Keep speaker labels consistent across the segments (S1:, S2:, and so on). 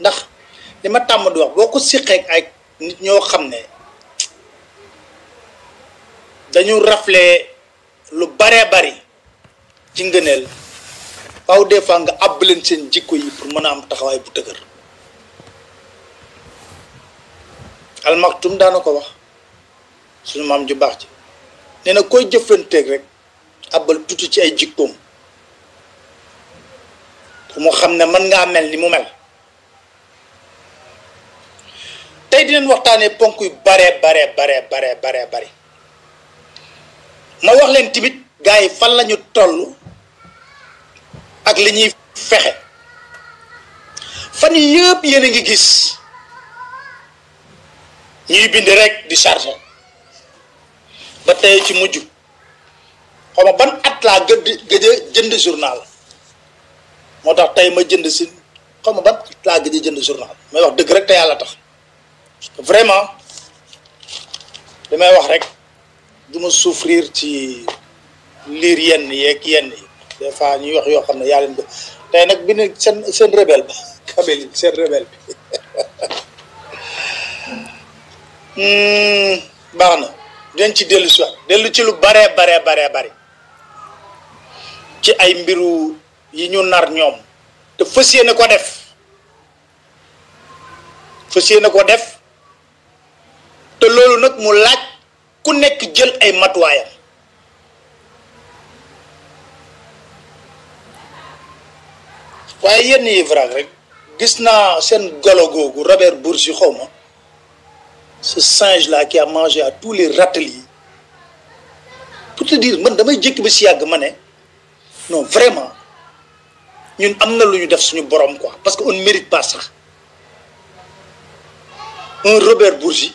S1: ndax li ma tàmm di wax boo ko siqee ak nit ñoo xam ne dañu rafle lu baree bari ci ngëneel waaw des fois nga àbb leen seen jikko yi pour mën a am taxawaay bu dëgër almaktum daana ko wax suñu maam ju baax ci nee na koy jëflanteeg rek àbbal tuuti ci ay jikkoom mu xam ne mën ngaa mel ni mu mel tay dinañ waxtaanee ponk yu bare bare bare bare bare bare ma wax leen timit gars yi fan lañu tollu ak li ñuy fexe fan yëpp yéen a ngi gis ñuy bind rek di chargé ba tey ci mujj xawma ban at laa gëdd gëj jënd journal moo tax tey ma jënd si xawma ban at laa gëj jënd journal may wax dëgg rek te yàlla tax vraiment damay wax rek du ma souffrir ci liir yenn yeeg yenn yi des fois ñuy wax yoo xam ne yaa leen bëgg tey nag bi ne seen seen rebelle ba kabeli seen rebelle bi hmm, baax na dañ ci dellu si dellu ci lu baree baree baree bari ci ay mbiru yi ñu nar ñoom te fas yéene ko def fës fas yéene ko def te lolu nak mu laaj ku nek jël ay matuwaayam waaye yenn yi rek gis naa seen golo googu Robert Bourgi xaw ce singe là qui a mangé à tous les râteliers pour te dire man damay jékki ba si yàgg ma ne non vraiment ñun am na lu ñu def suñu borom quoi parce que on ne mérite pas ça. un Robert Bourgi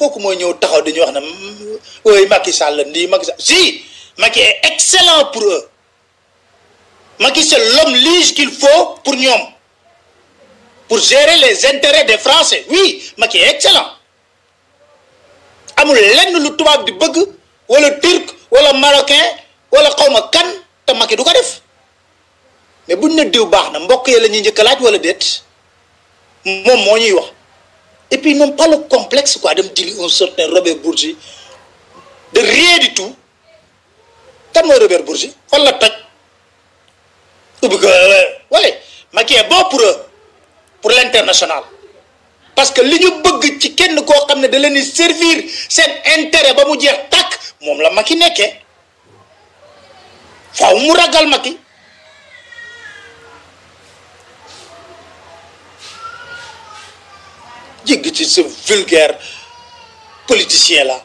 S1: koku mooy ñew taxaw di ñu wax na ooy Macky Sall ni Macky Sall si Macky est excellent pour eux Macky c'est l'homme lige qu'il faut pour ñom pour gérer les intérêts des Français oui Macky est excellent amul lenn lu tubaab di bëgg wala turc wala marocain wala xawma kan ta Macky du ko def mais buñ ne diw baax na mbokk yi ya lañu ñëk laaj wala déet mom mo ñuy wax Et puis, ils n'ont pas le complexe quoi, de me dire un certain Robert Bourgi, de rien du tout. Comme Robert Bourgi, on l'attaque. Euh, oui, mais qui est bon pour eux, pour l'international. Parce que l'union bug qui ken le corps comme de servir cet intérêt, bah, vous dire tac, mon la Il Faut mouragal maquinée. jéggi ci ce vulgaire politicien là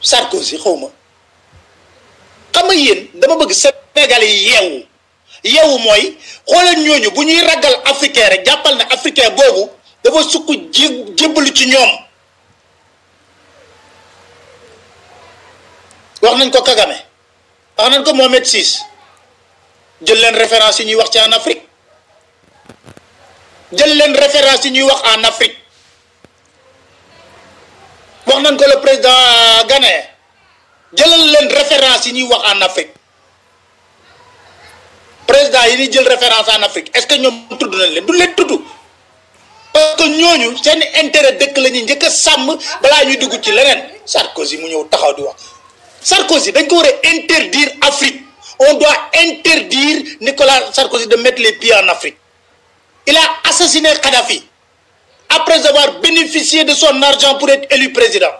S1: Sarkozy xaw ma xam nga yéen dama bëgg Sénégal yi yeewu mooy xoolal ñooñu bu ñuy ragal africain rek jàppal na africain boobu dafa sukk jébbalu ci ñoom wax nañ ko Kagame wax nañ ko Mohamed Six jël leen référence yi ñuy wax ci en Afrique jël leen référence yi en Afrique wax nañ ko le président Ganaye jëlal leen référence yi en Afrique président yi ñuy jël référence en Afrique est-ce que nous tudd nañ leen du leen parce que nous, un intérêt que la que que ça sàmm balaa du dugg ci leneen Sarkozy mu ñëw taxaw Sarkozy dañ ko interdire Afrique on doit interdire Nicolas Sarkozy de mettre les pieds en Afrique. Il a assassiné Kadhafi après avoir bénéficié de son argent pour être élu président.